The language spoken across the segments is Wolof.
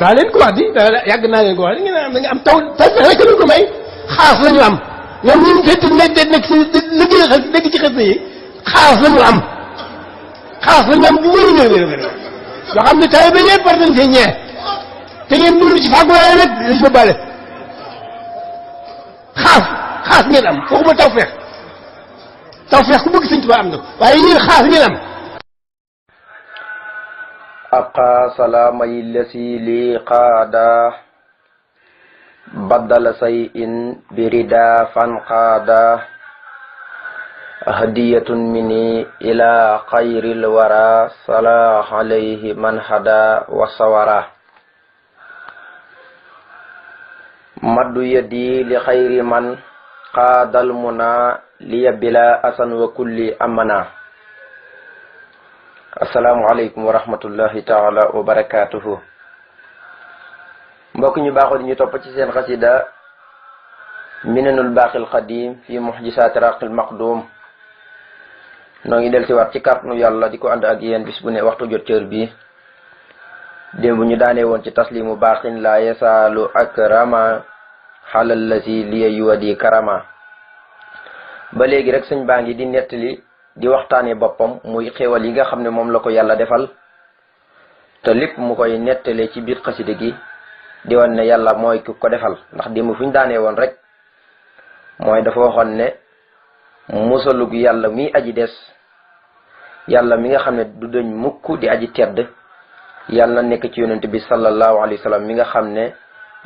daa leen ko naa ko wax di ngeen am da nga am taw taw fex rek ñu ko may xaas la ñu am ñoom ñun fekk nekk nekk si liggéey xas nekk ci xas na yi xaas la ñu am xaas la ñu am bu wér wér wér wér yoo ne taw bi leen par dañ ñee te ngeen dund ci fàggu ko bale xaas xaas ngeen am waxuma taw fex taw fex ku bëgg sëñ Tuubaa am na waaye ñun xaas ngeen am أبقى سلامي الذي لي قادا بدل شيء بردا فانقادا هدية مني إلى خير الورى صلاح عليه من هدى وصورا مد يدي لخير من قاد المنى لي بلا أسن وكل أمنا asalaamualeykum wa rahmatullahi taala wa barakaatuhu mbokk ñu baaxoo di ñu topp ci seen xasida minanul baaqil xadim fi muxjisaati raqil maqdum noo ngi del siwaat ci kàttanu yàlla di ko ànd ak yéen bu ne waxtu jot cër bi démb ñu daanee woon ci taslimu baaxin laa yasaalu akrama xalal la si liye yuwadi karama ba léegi rek sëñ baa ngi di nettali di waxtaane boppam muy xéewal yi nga xam ne moom la ko yàlla defal te lépp mu koy nettalee ci biir xasida gi di wan ne yàlla mooy ki ko defal ndax démb fu ñu daanee woon rek mooy dafa waxoon ne musalug yàlla muy aji des yàlla mi nga xam ne du dëñ mukk di aji tedd yàlla nekk ci yonent bi sallallahu alayhi wa sallam mi nga xam ne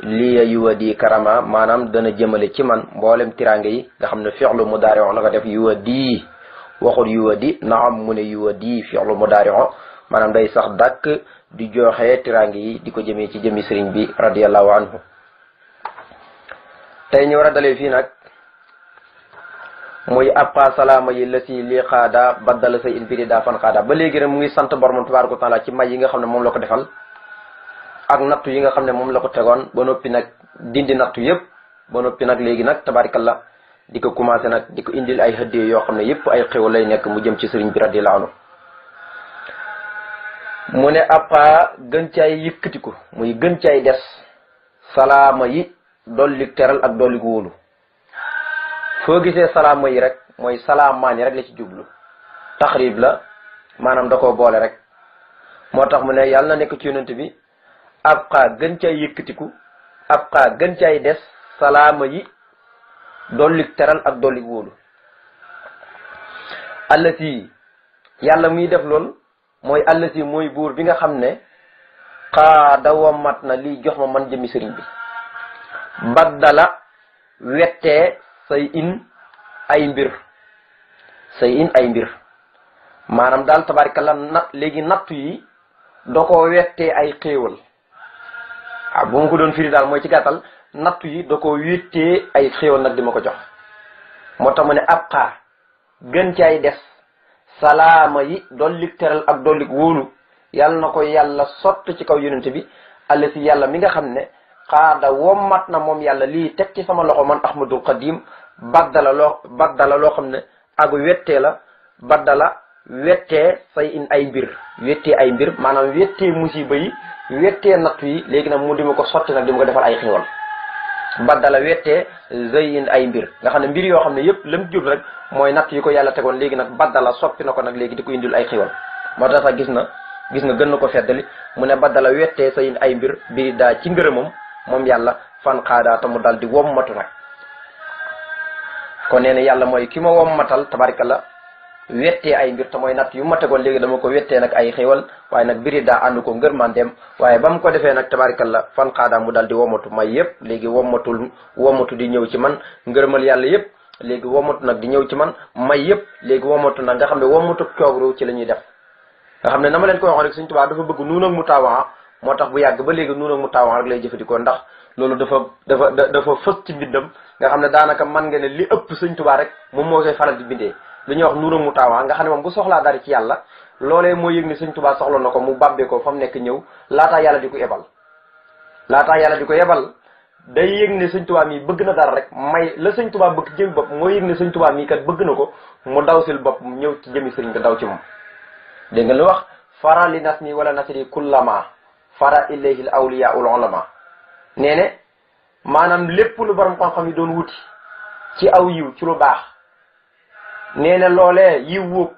yu liya di karama maanaam dana jëmale ci man mboolem tiraange yi nga xam ne fi'lu mudaari wax na ko def yuwadi waxul yuwadi naam mu ne yuwadi fi'lu mudaari'o maanaam day sax dàkk di joxe tiraange yi di ko jëmee ci jëmi sëriñ bi radiyallahu anhu tey ñu war a dalee fii nag muy abqa salaama yi la si li xaada baddala say in biri daa fan xaada ba léegi rek mu ngi sant boromam tabaaraka taala ci may yi nga xam ne moom la ko defal ak nattu yi nga xam ne moom la ko tegoon ba noppi nag dindi nattu yëpp ba noppi nag léegi nag tabaarikallah di ko commencé nag di ko indil ay hëddee yoo xam ne yëpp ay xew lay nekk mu jëm ci sëriñ bi radiyallahu anhu mu ne appa gën caay yëkkati muy gën caay des salaama yi dolli teral ak dolli wóolu foo gisee salaama yi rek mooy salaamaan rek la ci jublu taxrib la maanaam da koo boole rek moo tax mu ne yàlla na nekk ci yonent bi ab xaa gën caay yëkkatiku ab xaa gën caay des salaama yi dollik teral ak dollik wóolu allati yàlla muy def lool mooy allati mooy buur bi nga xam ne xaada womat na lii jox ma man jëmmi sëriñ bi baddala wettee say in ay mbir say in ay mbir maanaam daal tabarikalla na léegi nattu yi doo ko wettee ay xéewal ah bu ma ko doon firi daal mooy ci gàttal nattu yi da ko wéttee ay xéewal nag di ma ko jox moo tax mu ne ab xaa gën ci ay des salaama yi dollik teral ak dollik wóolu yàlla na ko yàlla sott ci kaw yonent bi alla si yàlla mi nga xam ne xaada wommat na moom yàlla lii teg ci sama loxo man ahmadul xadim baddala loo baddala loo xam ne ak wettee la baddala wettee say in ay mbir wettee ay mbir maanaam wettee musiba yi wettee nattu yi léegi nag mu di ma ko sotti nag di ma ko defal ay xéewal baddala wettee zayin ay mbir nga xam ne mbir yoo xam ne yëpp lam jub rek mooy natt yi ko yàlla tegoon léegi nag baddala soppi na ko nag léegi di ko indil ay xiwal moo tax sax gis na gis nga gën na ko feddali mu ne baddala wettee zayin ay mbir biri daa ci ngërëmam moom yàlla fan xaadaata mu dal di wommatu nag kon nee yàlla mooy ki ma wommatal tabarika la wettee ay mbir te mooy natt yu ma tegoon léegi dama ko wettee nag ay xéwal waaye nag biri daa ànd ko ngër mandeem waaye ba mu ko defee nag tabarikalla fan xaadaa mu dal di womatu may yëpp léegi womatul womatu di ñëw ci man ngërëmal yàlla yëpp léegi womatu nag di ñëw ci man may yëpp léegi womatu nag nga xam ne womatu coogru ci la ñuy def nga xam ne na ma leen ko waxoon rek suñ tubaab dafa bëgg nuun ak mu taawaa moo tax bu yàgg ba léegi nuun mu taawaa rek lay jëfandikoo ndax loolu dafa dafa dafa fës ci mbindam nga xam ne daanaka man nga ne li ëpp suñ tubaab rek moom moo koy di bindee li ñuy wax nuura mu taawa nga xam ne moom bu soxlaa dara ci yàlla loolee moo yëg ni sëñ tubaa soxla na ko mu bàbbee ko fa mu nekk ñëw laata yàlla di ko yebal laataa yàlla di ko yebal day yëg ne sëñ tubaa mii bëgg na dara rek may la sëñ tubaa bëgg jëmi bopp moo yëg ne sëñ tubaa mii kat bëgg na ko mu daw sil bopp ñëw ci jëmi sëriñ nga daw ci moom dégg nga lu wax fara li nas ni wala nasri kullama fara ilayhi l awliya ul ulama nee ne maanaam lépp lu borom xam yi doon wuti ci aw yiw ci lu nee na loolee yiw wóog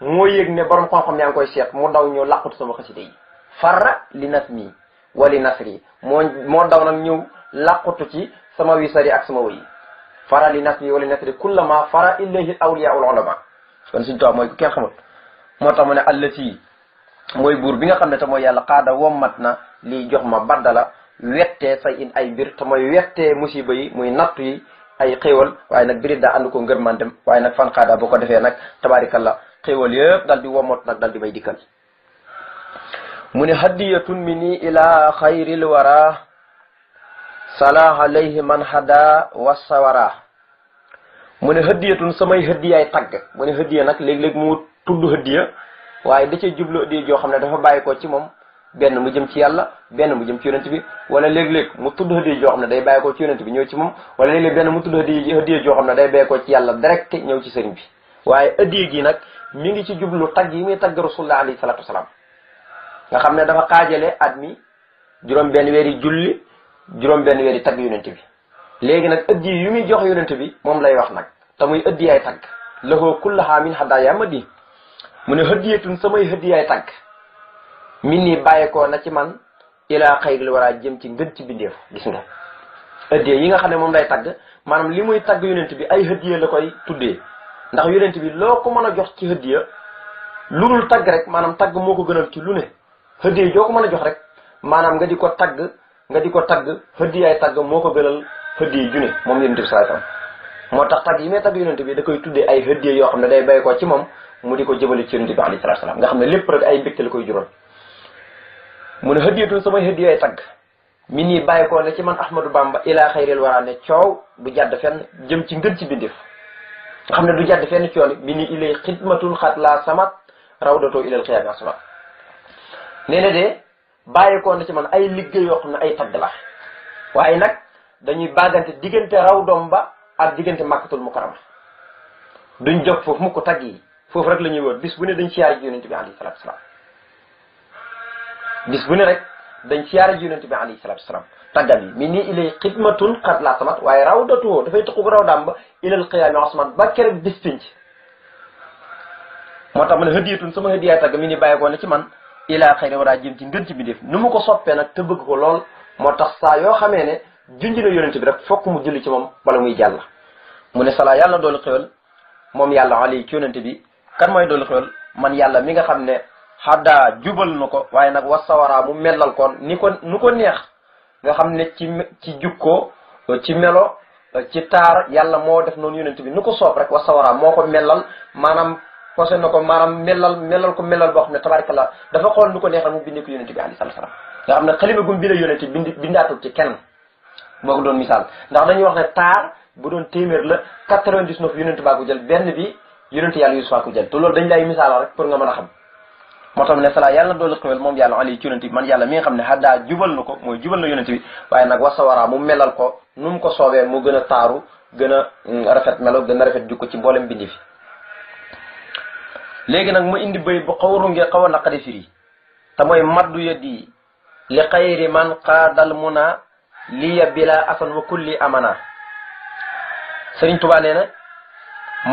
moo yëg ne borom xam-xam yaa ngi koy seet mu daw ñëw làqatu sama xasida yi farra li nasmi wa li nasri moo moo daw nag ñëw làqutu ci sama wisari ak sama wëyi fara li nasmi wa li nasri kullama fara ilayhi awliya ul ulama kon suñu tubaab mooy kenn xamul moo tax mu ne allati mooy buur bi nga xam ne te mooy yàlla xaada wommat na lii jox ma baddala wettee say in ay mbir te mooy wettee musiba yi muy nattu yi ay xéewal waaye nag birit daa ànd ko ngër man dem waaye nag fanqaadaa boo ko defee nag tabaarikalla xéewal yëpp dal di womot nag dal di may dikkal mu ne hadiyatun minni ila xayril wara salaaha alayhi man hada wasawara mu ne hadiyatun samay hadiyaay tagg mu ne hadiya nag léeg-léeg mu tudd hadiya waaye da cee jublu xam ne dafa bàyyi ko ci moom benn mu jëm ci yàlla benn mu jëm ci yonent bi wala léeg-léeg mu tudd hadiya joxam xam day bàyyi ko ci yonent bi ñëw ci moom wala léeg-léeg benn mu tudd hadiya hadiya joo xam ne day bàyyi ko ci yàlla direct ñëw ci sëriñ bi waaye hadiya gi nag mi ngi ci jublu tagg yi muy tagg rasulullah alayhi salatu wasalaam nga xam ne dafa xaajale at mi juróom benn weeri julli juróom benn weeri tagg yonent bi léegi nag hadiya yu muy jox yonent bi moom lay wax nag te muy hadiyaay tagg lahoo kullahaa min hadaaya madi mu ne hadiyatun samay hadiyaay tagg min nii bàyyeekoo na ci man ilaa xayri lu war a jëm ci ngën ci bindeef gis nga ëddee yi nga xam ne moom lay tagg maanaam li muy tagg yonent bi ay hëddiya la koy tuddee ndax yonent bi loo ko mën a jox ci hëddiya lu dul tagg rek maanaam tagg moo ko gënal ci lu ne hëddiya joo ko mën a jox rek maanaam nga di ko tagg nga di ko tagg hëddiyaay tagg moo ko gënal hëddiya ju ne moom yonent bi sallallahu alayhi wasallam moo tax tagg yi may tagg yonent bi da koy tuddee ay hëddiya yoo xam ne day bay ko ci moom mu di ko jëmale ci yonent bi alayhi salaam nga xam ne lépp rek ay mbégte la koy mu ne hëdiyatun samay hëdiyay tagg mi nii bàyyi koo ne ci man Ahmadou bàmba ilaa xayril waraa ne coow du jàdd fenn jëm ci ngën ci bindif xam ne du jàdd fenn coow bi ni ilay xidmatun xat laa sama rawdatoo ilal xiyaami asamat nee na de bàyyi koo na ci man ay liggéey yoo xam ne ay tagg la waaye nag dañuy bàggante diggante raw doom ba ak diggante màkkatul mukarama duñ jóg foofu mukk tagg yi foofu rek la ñuy wër bis bu ne dañ siyaar ji yonent bi alayhi salaatu wasalaam bis bu ne rek dañ siyaare ji yonente bi alayhi salatu wasalaam tàggam yi mi nii ilay xidmatun xat laa samat waaye rawdatuhu dafay tuqu ko daam ba ilal xiyaami osman ba keroog bis pinc moo tax ma ne hëdiyatun sama hëdiyaa tagg mi ni bàyyikoo na ci man ilaa xëy na war a jëm ci ngën ci bi def nu mu ko soppee nag te bëgg ko lool moo tax saa yoo xamee ne junj na yonente bi rek fokk mu julli ci moom bala muy jàll mu ne salaa yàlla na doolu xéwal moom yàlla alay ci yonente bi kan yàlla mi nga xam ne xaddaa jubal na ko waaye nag wasawaraa mu mellal koon ni ko nu ko neex nga xam ne ci ci jukko ci melo ci taar yàlla moo def noonu yonent bi nu ko soob rek wasawaraa moo ko mellal maanaam posé na ko maanaam mellal mellal ko mellal boo xam ne tabaarkalla dafa xool nu ko neex rek mu bindee ko yonent bi alayhi nga xam ne xalima gum bi la yonent bindi ci kenn moo ko doon misaal ndax dañuy wax ne taar bu doon téeméer la 99 yonent baa ko jël benn bi yonent yàlla Yuusufa ko jël te pour nga mën a xam moo tax mu ne salaa yàlla na doolu xewel moom yàlla ali ci yonente man yàlla mi xam ne haddaa jubal na ko mooy jubal na yonente bi waaye nag wasawaraa mu melal ko nu mu ko soobee mu gën a taaru gën a mm, rafet melo gën a rafet jukko ci mboolem bindi fi léegi nag mu indi bay bu xaw a rungee xaw a naqari firi te mooy maddu yëddi li xayri man xaadal muna liya bila asan wa kulli amana sëriñ tubaa nee na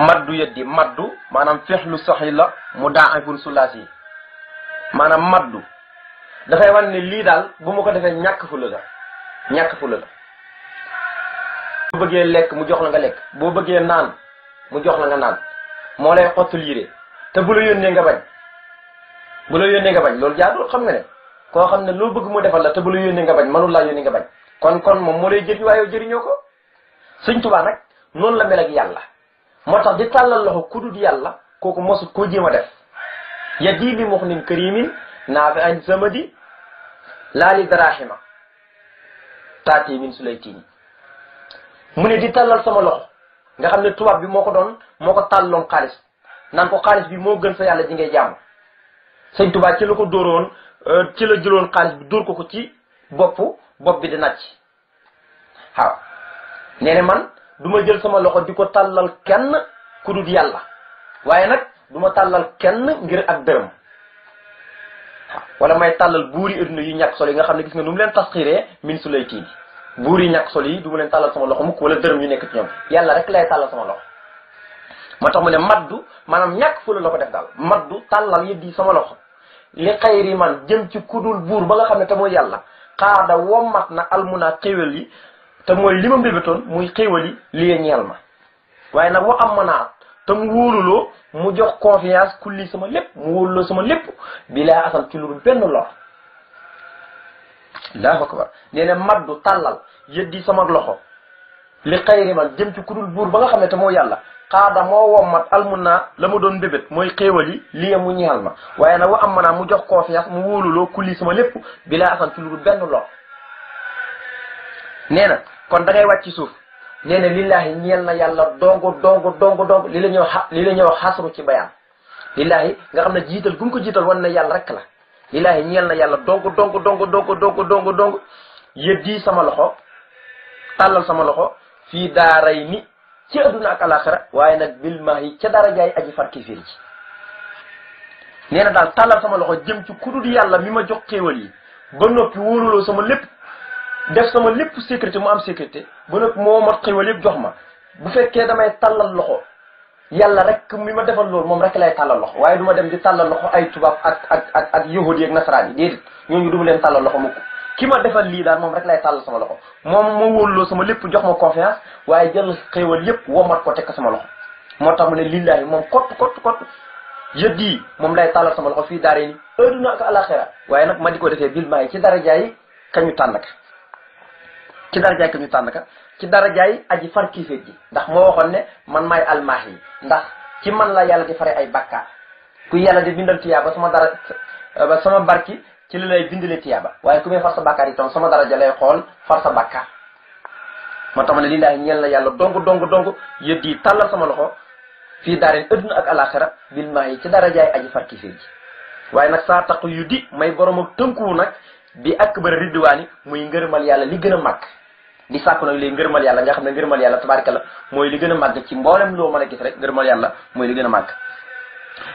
maddu yëddi maddu maanaam fexlu soxi la mu daa ay yi maanaam maddu dafay wan ne lii daal bu ma ko defee ñàkk fulla la ñàkk fulla la boo bëggee lekk mu jox la nga lekk boo bëggee naan mu jox la nga naan moo lay xottul yére te bu la yónnee nga bañ bu la yónnee nga bañ loolu jaadul xam nga ne koo xam ne loo bëgg mu defal la te bu la yónnee nga bañ mënul laa yónnee nga bañ kon kon moom moo lay jëriñ waaye jëriñoo ko Sëñ Tuubaa nag noonu la mel yàlla moo tax di tàllal loxo ku dul yàlla kooku mosut koo jéem a ni يجي بمغن كريم نافع الزمد لا لدراهم taati min su lay tiini mu ne di tàllal sama loxo nga xam ne tubaab bi moo ko doon moo ko tàlloon xaalis nan ko xaalis bi moo gën sa yàlla ji ngay jàmm sëñ tubaab ci la ko dóoroon euh, ci la jëloon xaalis bi dóor ko ko ci bopp bopp bi di nàcc waaw nee na man du jël sama loxo di ko tàllal kenn ku dul yàlla waaye nag du ma tàllal kenn ngir ak dërëm wala may tàllal buuri adduna yi ñàkk solo yi nga xam ne gis nga nu mu leen tasxiiree min su lay kii bi buur yi ñàkk solo yi du leen tàllal sama loxo mukk wala dërëm yu nekk ci ñoom yàlla rek lay tàllal sama loxo moo tax mu ne maddu maanaam ñàkk fu la ko def daal maddu tàllal yëddi sama loxo li xayri man jëm ci kudul buur ba nga xam ne te mooy yàlla xaada wommat na almuna xéwal yi te mooy li ma mbébétoon muy xéwal yi lii ma te mu mu jox confiance kulli sama lépp mu wóoruloo sama lépp bilaa asal ci lu dul benn lor allahu akbar nee na maddu tàllal yëddi sama loxo li xayri man jëm ci kudul buur ba nga xam ne te moo yàlla xaada moo wommat almun naa la mu doon bébét mooy xéewal yi lii mu ñeel ma waaye na wa am naa mu jox confiance mu wóoluloo kulli sama lépp bilaa asal ci lu dul benn lor na kon dangay ngay suuf nee na lillaahi ñeel na yàlla dong dong dong dong li la ñëw xa li lañuy ñëw xasru ci bayaan lillaahi nga xam ne jiital gu ko jiital wan na yàlla rek la lillaahi ñeel na yàlla dong dong dong dong dong dong dong yëddi sama loxo tàllal sama loxo fii daaray ni ci adduna ak alaxira waaye nag bil yi ca dara jaay aji far kiifir ji nee na daal tàllal sama loxo jëm ci kudul yàlla mi ma jox xéewal yi ba noppi wóoluloo sama lépp def sama lépp sécurité mu am sécurité ba nag moo mat xéwal yépp jox ma bu fekkee damay tàllal loxo yàlla rek mi ma defal loolu moom rek lay tàllal loxo waaye du dem di tàllal loxo ay tubaab ak ak ak ak yahudi ak nasaraan yi leen tàllal loxo mukk ki ma defal lii daal moom rek lay tàllal sama loxo moom moo wóoluloo sama lépp jox ma confiance waaye jël xéwal yëpp womat ko teg ko sama loxo moo tax mu ne lillaahi moom kott kott kott yëdd yi moom lay tàllal sama loxo fii daare ni adduna ak alaxira waaye nag ma di ko defee bil maa yi ci daraja yi kañu tànn ka ci darajaay ka ñu tànn ka ci darajaay aji far kiiféet ji ndax moo waxoon ne man maay almaax yi ndax ci man la yàlla di fare ay bakkaar ku yàlla di bindal tiyaa ba sama dara ba sama barki ci li lay bindalee tiyaaba waaye ku may far sa bakkaar itam sama daraja lay xool far sa bakkaar moo tax ma ne lii daal la yàlla dong dong dong yëdd yi tàllal sama loxo fii daarin adduna ak alaxira bil maa yi ci darajaay aji far kiiféet ji waaye nag saa taq yu di may borom ak tënkuwu nag bi ak bëri yàlla li gën a màgg di na nag léegi ngërëmal yàlla nga xam ne ngërëmal yàlla tabaarkalla mooy li gën a màgg ci mboolem loo mën a gis rek ngërëmal yàlla mooy li gën a màgg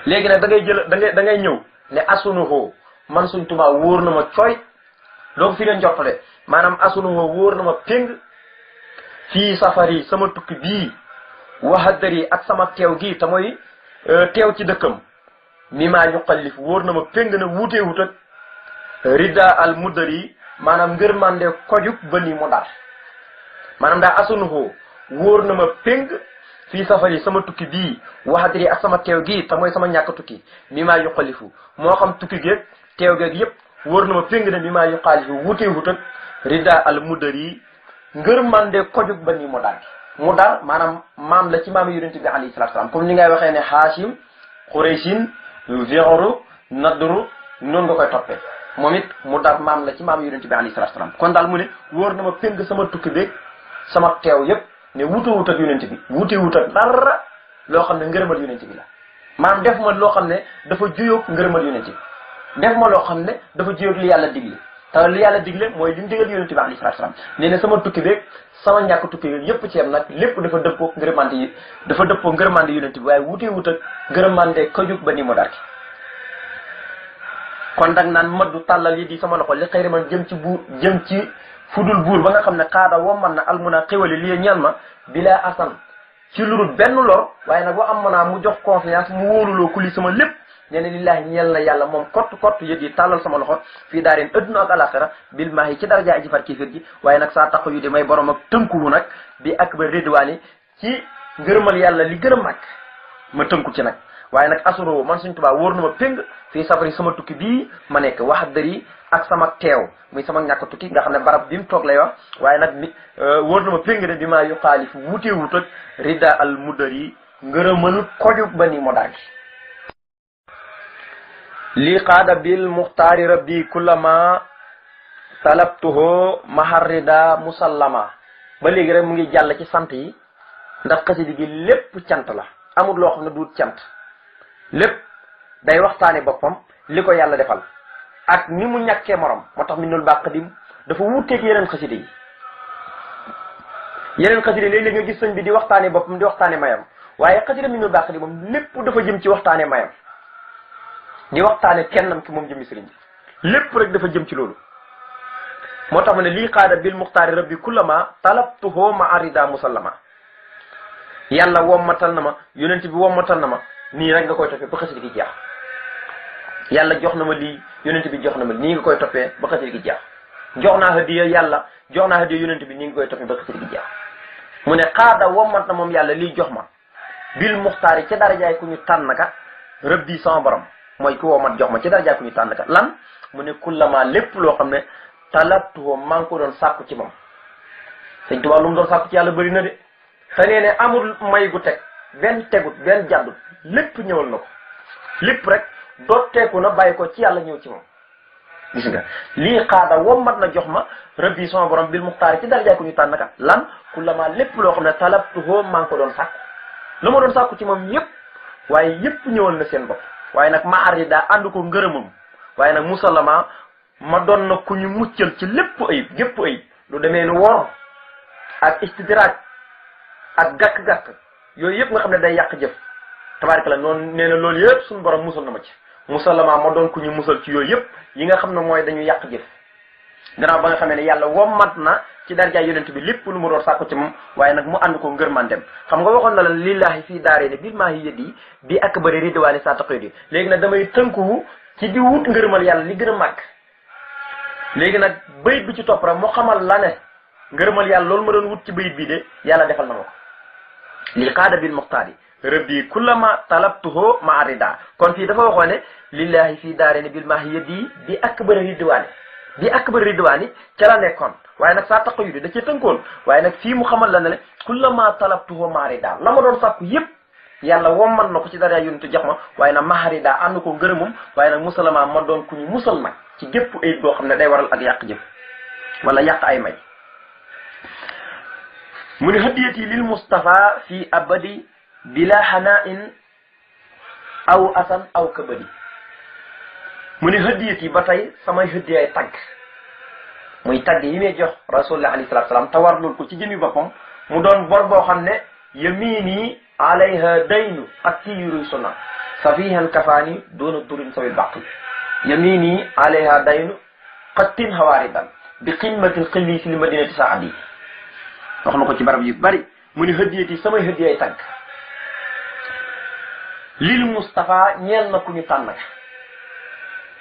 léegi nag dangay jël dangay da ngay ñëw ne asunuhu man suñ tubaa wóor na ma cooy donc fi leen jottale maanaam asunuhu wóor na ma péng fii safari sama tukki bii waxadari ak sama teew gii te euh, teew ci dëkkam mi maa ñu wóor na ma péng na wuutee wut ak rida al muddari maanaam ngërmande kojuk ba nii mu daal maanaam daa asunuhu wóor na ma péng fii safari sama tukki bii waxadiri ak sama teew gii te mooy sama ñàkk tukki mi maa yuqalifu moo xam tukki géeg teew géeg yépp woor na ma péng ne mi maa yuqalifu wutee wutag rida al mudari ngër mande ko ba ni mu dar mu dar maanaam maam la ci maam yonente bi alayhi salatu salaam comme ni nga waxee ne haashim xuraysin véoru nadru noonu nga koy toppee moom it mu dar maam la ci maam yonente bi alayhi salatu salaam kon na ma péng sama tukki beeg sama teew yépp ne wutewut ak yonent bi wutewut ak dara loo xam ne ngërëmal yonent bi la maanaam def ma loo xam ne dafa juyoog ngërëmal yonent bi def ma loo xam ne dafa juyoog li yàlla digle te li yàlla digle mooy li mu digal yonent bi alayhi salaatu salaam nee na sama tukki beeg sama ñàkk tukki beeg yépp ci yem nag lépp dafa dëppoo ngërëmande yi dafa dëppoo ngërëmande yonent bi waaye wutewut ak ngërëmande ka ba nii mu darki kon dag naan maddu tàllal yi di sama loxo jëm ci bu jëm ci fudul buur ba nga xam ne xaada man na almuna xéwali lii ñeel ma bilaa asan ci lurul benn lor waaye nag wa am naa mu jox confiance mu wóoluloo ku li sama lépp nee na lillaahi ñeel na yàlla moom kott kott yët yi tàllal sama loxo fii daarin adduna ak alaxira bil maahi ci daraja aji far kiifir ji waaye nag saa taqu yu di may borom ak tënkuwu nag bi akbar ridwaani ci ngërëmal yàlla li gën a mag ma tënku ci nag waaye nag asuro man suñ tubaa wóor na ma fii safari sama tukki bii ma nekk wax dëri ak sama teew muy sama ñàkk tukki nga xam ne barab bi mu toog lay wax waaye nag mi euh, wóor na ma péng ne bi maa yu xaalif wuteewut ak rida al mudar yi ngërëmal koju ba ni mo daagi lii xaada bil muxtaari rabbi kullama salabtuho maharrida musallama ba léegi rek mu ngi jàll ci sant yi ndax xasidi gi lépp cant la amul loo xam ne duut cant lépp day waxtaane boppam li ko yàlla defal ak ni mu ñàkkee morom moo tax Minanul Baqadim dafa wuuteeg yeneen xasida yi yeneen xasida yi léeg-léeg nga gis sëñ bi di waxtaane boppam di waxtaane mayam waaye xasida Minanul Baqadim moom lépp dafa jëm ci waxtaane mayam di waxtaane kennam ki moom jëmmi sëriñ lépp rek dafa jëm ci loolu moo tax ma ne lii xaada bil muxtaari rabbi kullama talabtuhoo ma arida musallama yàlla wommatal na ma yonent bi wommatal na ma nii rek nga koy toppee ba xasida jeex yàlla jox na ma lii yonent bi jox na ma nii nga koy toppee ba xasida gi jeex jox naa hadiya yàlla jox naa hadiya yonent bi nii nga koy toppee ba xasida gi jeex mu ne xaada wommat na moom yàlla lii jox ma bil muxtaar yi ci darajaay ku ñu tànn ka rëb di sama borom mooy ku wommat jox ma ci darajaay ku ñu tànn ka lan mu ne kullama lépp loo xam ne talabtuhu maa ngi ko doon sàkku ci moom sëñ Tuubaa lu mu doon sàkku ci yàlla bëri na de xëy ne amul may gu teg benn tegut benn jàddut lépp ñëwal na ko lépp rek dotteeku na bàyyi ko ci yàlla ñëw ci moom gis nga lii xaada wommat na jox ma rabbi sama borom bil muxtaari ci darajaay ko ñu tànn naka lan ku la ma lépp loo xam ne talabtuhoo maa ngi ko doon sàkku la ma doon sàkku ci moom yëpp waaye yëpp ñëwal na seen bopp waaye nag ma arri daa ànd ko ngërëmam waaye nag musalama ma doon na ku ñu muccal ci lépp ayib gépp ayib lu demee ni woor ak istidraaj ak gàkk-gàkk yooyu yëpp nga xam ne day yàq jëf tabaarkalla noonu nee na loolu yëpp suñu borom musal na ma ci musalama ma doon ku ñu musal ci yooyu yëpp yi nga xam ne mooy dañu yàq jëf gannaaw ba nga xamee ne yàlla wommat na ci darjaay yonent bi lépp lu mu doon sàkku ci moom waaye nag mu ànd ko dem xam nga waxoon na la lillahi fii daaree ne bil maa yi yët yi bi ak bëri ridwaani saa taqoy yi léegi nag damay tënku ci di wut ngërmal yàlla li gën a màgg léegi nag bayit bi ci topp rek mu xamal la ne ngërmal yàlla loolu ma doon wut ci bayit bi de yàlla defal na ko lii xaada bil muxtaar yi rabbi kullama talabtuhu ma rida kon fii dafa waxoon ne lillahi fii daareni bil mahiyati bi akbar ridwaani bi akbar ridwaani ca la nekkoon waaye nag saa taqayudi da cee tënkoon waaye nag fii mu xamal la ne le kullama talabtuhu ma rida la ma doon sàkku yépp yàlla womman na ko ci dara yonentu jox ma waaye nag mahari daa ànd ko ngërëmam waaye nag musalama ma doon ku ñu musal nag ci gépp ayib boo xam ne day waral ak yàq jëf wala yàq ay may mu ne hadiyati bila xanaa in aw asan aw kabadi mu ne hëddiyat yi ba tey samay hëddiyaay tagg muy tagg yi may jox rasulullah alayhi salatu salaam te war loolu ko ci jëmi boppam mu doon bor boo xam ne yamini alayha daynu ak tiiru sunna safihan kafaani doona turin sawi baqi yamini alayha daynu xattin xawaaridan bi qimmatil xilli si li madinati saadi wax na ko ci barab yu bari mu ne hëddiyat yi samay hëddiyaay tagg lil Moustapha ñeel na ku ñu tànn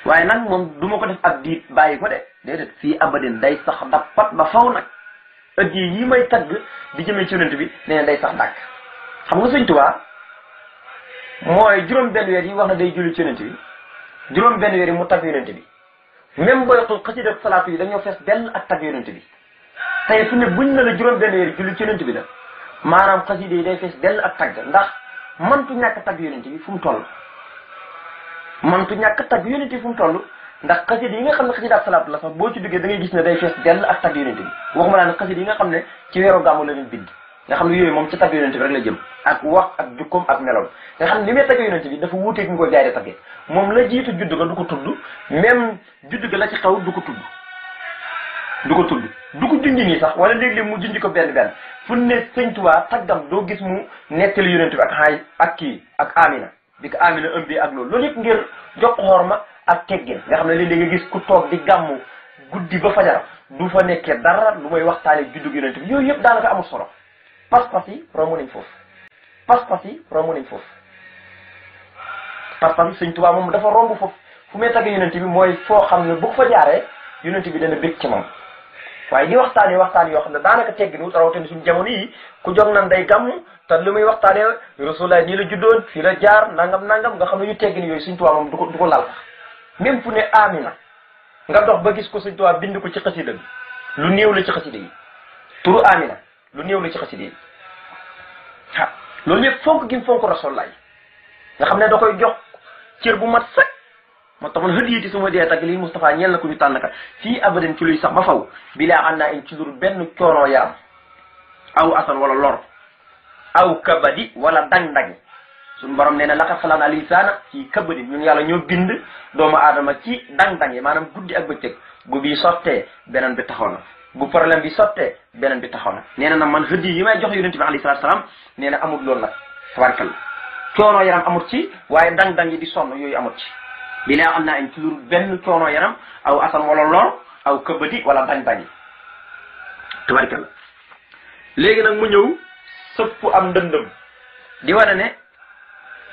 waaye nag moom duma ko def ak diit bàyyi ko de déedéet fii abadin day sax dappat ba faw nag ëddi yi may tagg di jëmee ci yonent bi nee na day sax dàkk xam nga sëñ Tuubaa mooy juróom benn weer yi wax na day julli ci yonent bi juróom benn weer yi mu tagg yonent bi même booy xul xasida salaatu yi dañoo fees dell ak tagg yonent bi tey fu ne buñ na la juróom benn weer yi julli ci yonent bi la maanaam xasida yi day fees dell ak tagg ndax mëntu ñàkk tagg yonent bi fu mu toll mëntu ñàkk tagg yonent bi fu mu ndax xasida yi nga xam ne xasida salaatu la sax boo ci duggee da ngay gis ne day fees dell ak tagg yonent bi waxuma laa ne xasida yi nga xam ne ci weeru gàmmu la leen bind nga xam ne yooyu moom ci tagg yonent bi rek la jëm ak wax ak jukkoom ak meloom nga xam ne li may tagg yonent bi dafa wuuteeg ñu ko jaay de moom la jiitu judd ga du ko tudd même judd ga la ci xaw du ko tudd du du ko junj nii sax wala léeg-léeg mu junj ko benn benn fu ne sëñ Tuubaa taggam doo gis mu nettali yonent bi ak xaay ak kii ak Amina bi ko Amina ëmbee ak loolu loolu yëpp ngir jox xorma ak teggin nga xam ne léeg-léeg nga gis ku toog di gàmmu guddi ba fajar du fa nekkee dara lu may waxtaanee juddu yonent bi yooyu yëpp daanaka amul solo pas-pas yi romb nañ foofu pas-pas yi romb nañ foofu pas-pas yi sëñ moom dafa romb foofu fu may tagg yonent bi mooy foo xam ne bu ko fa jaaree bi dana bég ci moom waaye di waxtaanee waxtaan yoo xam ne daa daanaka teggin wut rawatina suñu jamono yi ku jog nan day gàmm te li muy waxtaanee Rasulullah nii la juddoon fii la jaar nangam nangam nga xam ne ñu teggin yooyu Sëñ Tuubaa moom du ko du ko lal même fu ne Amina nga dox ba gis ko Sëñ Tuubaa bind ko ci xasida bi lu néew la ci xasida yi turu Amina lu néew la ci xasida yi loolu yëpp fonk gi mu fonk Rasulullah nga xam ne da koy jox cër bu mat sax. moo tax man hëdiyee ci suma dee tag lii Moustapha ñeel na ko ñu tànn ka fii abadan ci luy sax ba faw bilaa an naa in ci lul benn coonoo yaam aw asan wala lor aw kabadi wala dang-dang suñu borom nee na laqad xalaqnaa lisaana ci kabadi ñun yàlla ñoo bind doomu aadama ci dang-dang yi maanaam guddi ak bëccëg bu bii sottee beneen bi taxaw na bu problème bi sottee beneen bi taxaw na nee na nag man hëdiyee yi may jox yonente bi alayhi salaatu salaam nee na amul loolu nag tabarkal coonoo yaram amut ci waaye dang-dang yi di yooyu amut ci binaa am naa añ ci lu benn coono yaram aw asam wala lor aw këbbati wala bañ-bañi tubarkalla léegi nag mu ñëw sëpp am ndëndëm di wane ne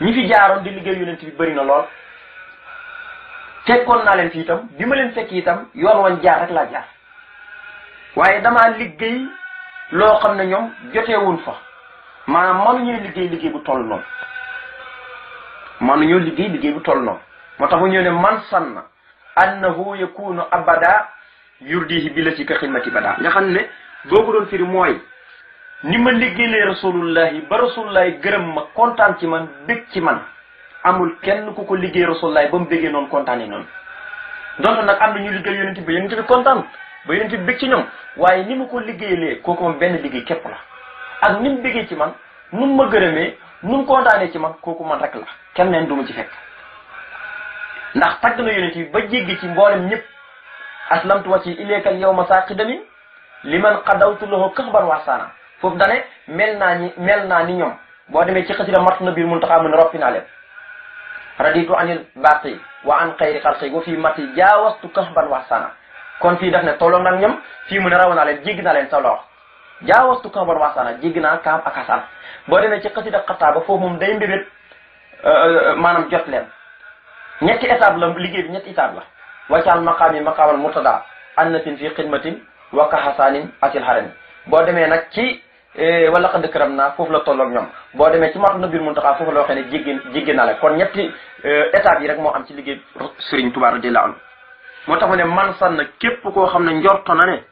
ñi fi jaaroon di liggéey yonent bi bëri na lool fekkoon naa leen fi itam bi ma leen fekk itam yoon wañ jaar rek laa jaar waaye damaa liggéey loo xam ne ñoom joteewuñ fa maanaam mënuñoo liggéey liggéey bu toll noonu mënuñoo liggéey liggéey bu toll noonu moo tax mu ñëw ne man sanna annahu yakunu abada yurdihi bi la ci ka xidmati bada nga xam ne boo ko doon firi mooy ni ma liggéeyee rasulullahi ba rasulullahi gërëm ma kontaan ci man bég ci man amul kenn ku ko liggéey rasulullahi ba mu béggee noonu kontaanee noonu donte nag am na ñu liggéey yonente bi yonente bi kontaan ba yonente bi bég ci ñoom waaye ni ma ko liggéeyalee kooku moom benn liggéey képp la ak ni mu béggee ci man nu mu ma gërëmee nu mu ci man kooku man rek kenn neen du ci fekk ndax tagg na yonent bi ba jéggi ci mboolem ñëpp aslamtu wa ci ileekal yow ma saaqidami li man xadawtu lahu kaxban wasaana foofu dane mel naa ni mel naa ni ñoom boo demee ci xasida matt na biir mun taxaa mën roppi naa leen raditu anil baqi wa an xayri xalqi wa fii mati jaawastu kaxban wasaana kon fii daf ne tolloon nag ñoom fii mu ne raw naa leen jéggi naa leen sa loxo jaawastu kaxban wasaana jéggi naa kaam ak boo demee ci xasida xataa ba foofu moom day mbébét euh, euh, maanaam jot leen ñetti étape la liggéey bi ñetti étape la waccaal maqaami maqaamal murtada annatin fi xidmatin wa kaxasaanin asil xarami boo demee nag ci e, wala xadd këram naa foofu la tolloog ñoom boo demee ci matu na biir muntaxaa foofu la waxee ne jéggi jéggi naa la kon ñetti e, étape yi rek moo am ci liggéey Sëriñ Tuubaa radiyallaahu anhu moo tax mu ne man sann képp koo xam ne njorto na ne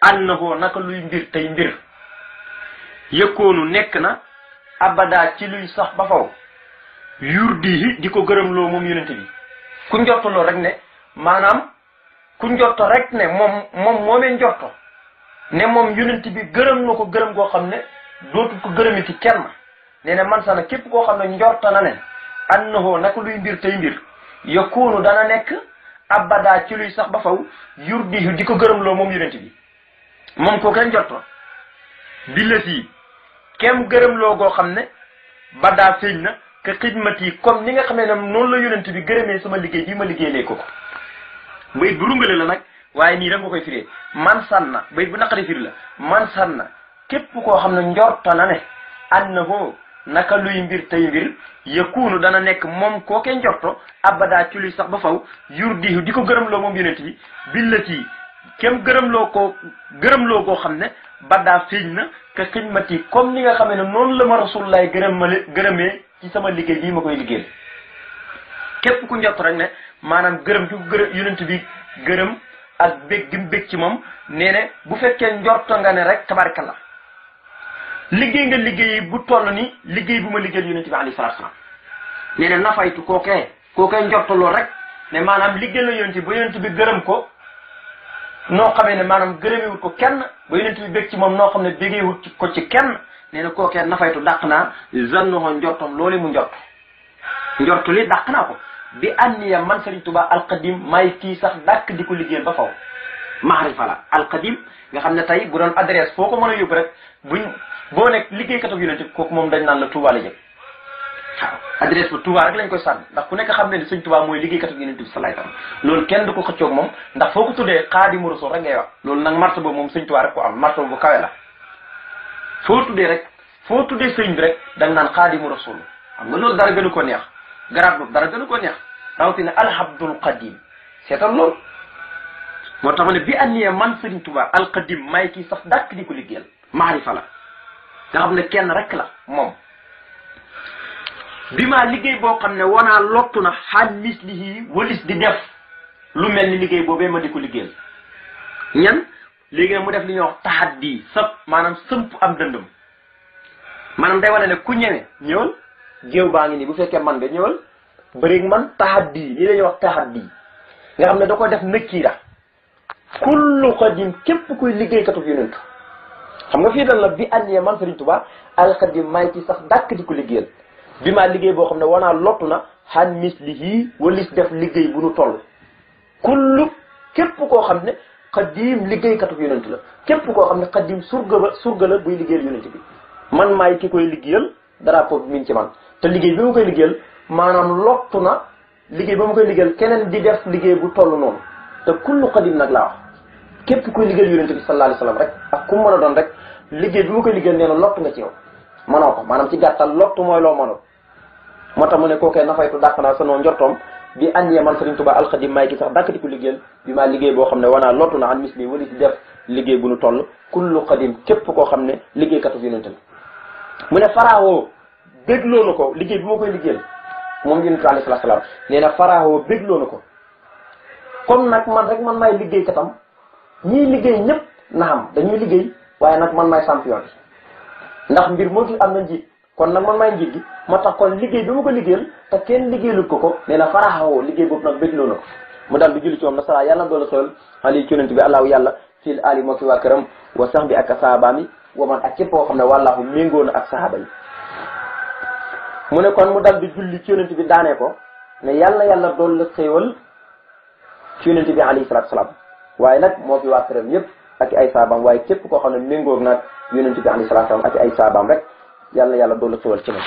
annahu naka luy mbir tey mbir yëkkoonu nekk na abada ci luy sax ba faw yurdihi di di ko gërëmloo moom yonent bi ku njorto loolu rek ne maanaam ku njorto rek ne moom moom moomee njorto ne moom yonent bi gërëm na ko gërëm goo xam ne dootul ko gërëmiti kenn nee na man sana képp koo xam ne njorto na a annahu naka luy mbir tey mbir yakunu dana nekk abada ci luy sax ba faw yurdihi di di ko gërëm loo moom yonent bi moom ko kenn njorto bi la sii kem gërëmloo goo xam ne badaa feeñ na ka xidmati comme ni nga xamee ne noon la yonent bi gërëmee sama liggéey bi ma liggéeyee ko ko bayit bu rungale la nag waaye nii rek nga koy firee man sànna bayit bu naqari firi la man sànna képp koo xam ne njorto na ne annahu naka luy mbir tey mbir yëkkuunu dana nekk moom kookee njorto abada ci luy sax ba faw yur diihu di ko gërëm gërëmloo moom yonent bi billati kem gërëmloo gërëm loo koo xam ne baddaa feeñ na ka xidmati comme ni nga xam ne noonu la ma gërëm ci sama liggéey yi ma koy liggéey képp ku njott rek ne maanaam gërëm ju gërëm yonent bi gërëm ak bég gi mu ci moom nee ne bu fekkee njorto nga ne rek la liggéey nga liggéey bu toll ni liggéey bu ma liggéey liggéeyal yonent bi alayhi salaatu salaam nee ne nafaytu kookee kookee njorto loolu rek ne maanaam liggéey la yonent bi ba yonent bi gërëm ko noo xamee ne maanaam gërëmewut ko kenn ba yonent bi bég ci moom noo xam ne bégeewut ko ci kenn nee na kookee nafaytu dàq naa zannoho njortom loolu mu njort njortu li dàq naa ko bi anniya man Sëriñ Tuubaa alqadim maay kii sax dàkk di ko liggéey ba faw maarifa la alqadim nga xam ne tey bu doon adresse foo ko mën a yóbbu rek buñ boo nekk liggéeykatu yonent bi kooku moom dañ naan la Tuubaa la jëm waaw adresse tubaa Touba rek lañ koy sànn ndax ku nekk xam ne ne sëñ Touba mooy liggéeykatu Yonent bi salaay tam loolu kenn du ko xëccoog moom ndax foo ko tuddee Xaadimu Rasuul rek ngay wax loolu nag marta boobu moom sëñ Touba rek ko am marta bu kawe la foo tuddee rek foo tuddee sëñ bi rek da nga naan Xaadimu Rasuul xam nga loolu dara gënu ko neex garaat boobu dara gënu ko neex rawatina alhabdul qadim seetal loolu moo tax ma ne bi anniyee man sëñ Touba alqadim may kii sax dàkk di ko liggéeyal maarifa la nga xam ne kenn rek la moom bi maa liggéey boo xam ne wanaa lottu na xaalis lii wëlis di def lu mel ni liggéey boobee ma di ko liggéeyal ñan léegi nag mu def li ñuy wax taxaddi sëpp maanaam sëmp am dëndëm maanaam day wane ne ku ñeme ñëwal géew baa ngi nii bu fekkee man nga ñëwal bërieg man taxaddi lii la ñuy wax taxaddi nga xam ne da ko def nëkkiira kullu xadim képp kuy liggéeykatu yonentu xam nga fii dan la bi année man Sëriñ Tuubaa alxadim maay ci sax dàkk di ko liggéeyal bi maa liggéey boo xam ne wanaa lottu na xan mislihi walis def liggéey bu nu toll kullu képp koo xam ne xadim liggéeykatub yonent la képp koo xam ne xadim surga ba surga la buy liggéeyal yonent bi man ma maay ki koy liggéeyal drapeau bi min ci man te liggéey bi mu koy liggéeyal maanaam lottu na liggéey ba mu koy liggéeyal keneen di def liggéey bu toll noonu te kullu xadim nag laa wax képp kuy liggéeyal yonent bi sallallahu alayhi rek ak doon rek liggéey bi mu koy liggéeyal nee nga ci yow mënoo ko maanaam ci gàttal lottu mooy loo mënul moo tax mu ne kookee nafaytu dàq naa sanoo njortoom bi andee man Sëriñ Tuubaa alxadim may gi sax dàkk di ko liggéeyal bi maa liggéey boo xam ne wanaa lottu naa an mis lii wali si def liggéey bu nu toll kullu xadim képp koo xam ne liggéeykatu yonent la mu ne faraawoo bégloo na ko liggéey bi ma koy liggéeyal moom yonent alayhi salaatu salaam nee na faraawoo na ko comme nag man rek man maay liggéey katam ñii liggéey ñëpp naam dañuy liggéey waaye nag man maay champion bi ndax mbir moo gis am na njiit kon nag man maay njiit gi moo tax kon liggéey bi ma ko liggéeyal te kenn liggéey lu ko ko nee na faraxawoo liggéey boobu nag bégloo na ko mu daal di julli ci moom nasara yàlla doola sool ali ci yonent bi allahu yàlla fil ali moo ki sax bi ak sahabaam yi wa man ak képp koo xam ne ak sahaba yi mu ne mu dal di julli ci yonent bi daanee ko ne yàlla yàlla dool la xéewal ci yonent bi alayhi salaam waaye nag moo fi waa këram yëpp ak ay sahabaam waaye képp koo xam ne méngoo nag yonent bi alayhi salaatu salaam ak ay saabaam rek yàlla na yàlla doon la xéwal ci moom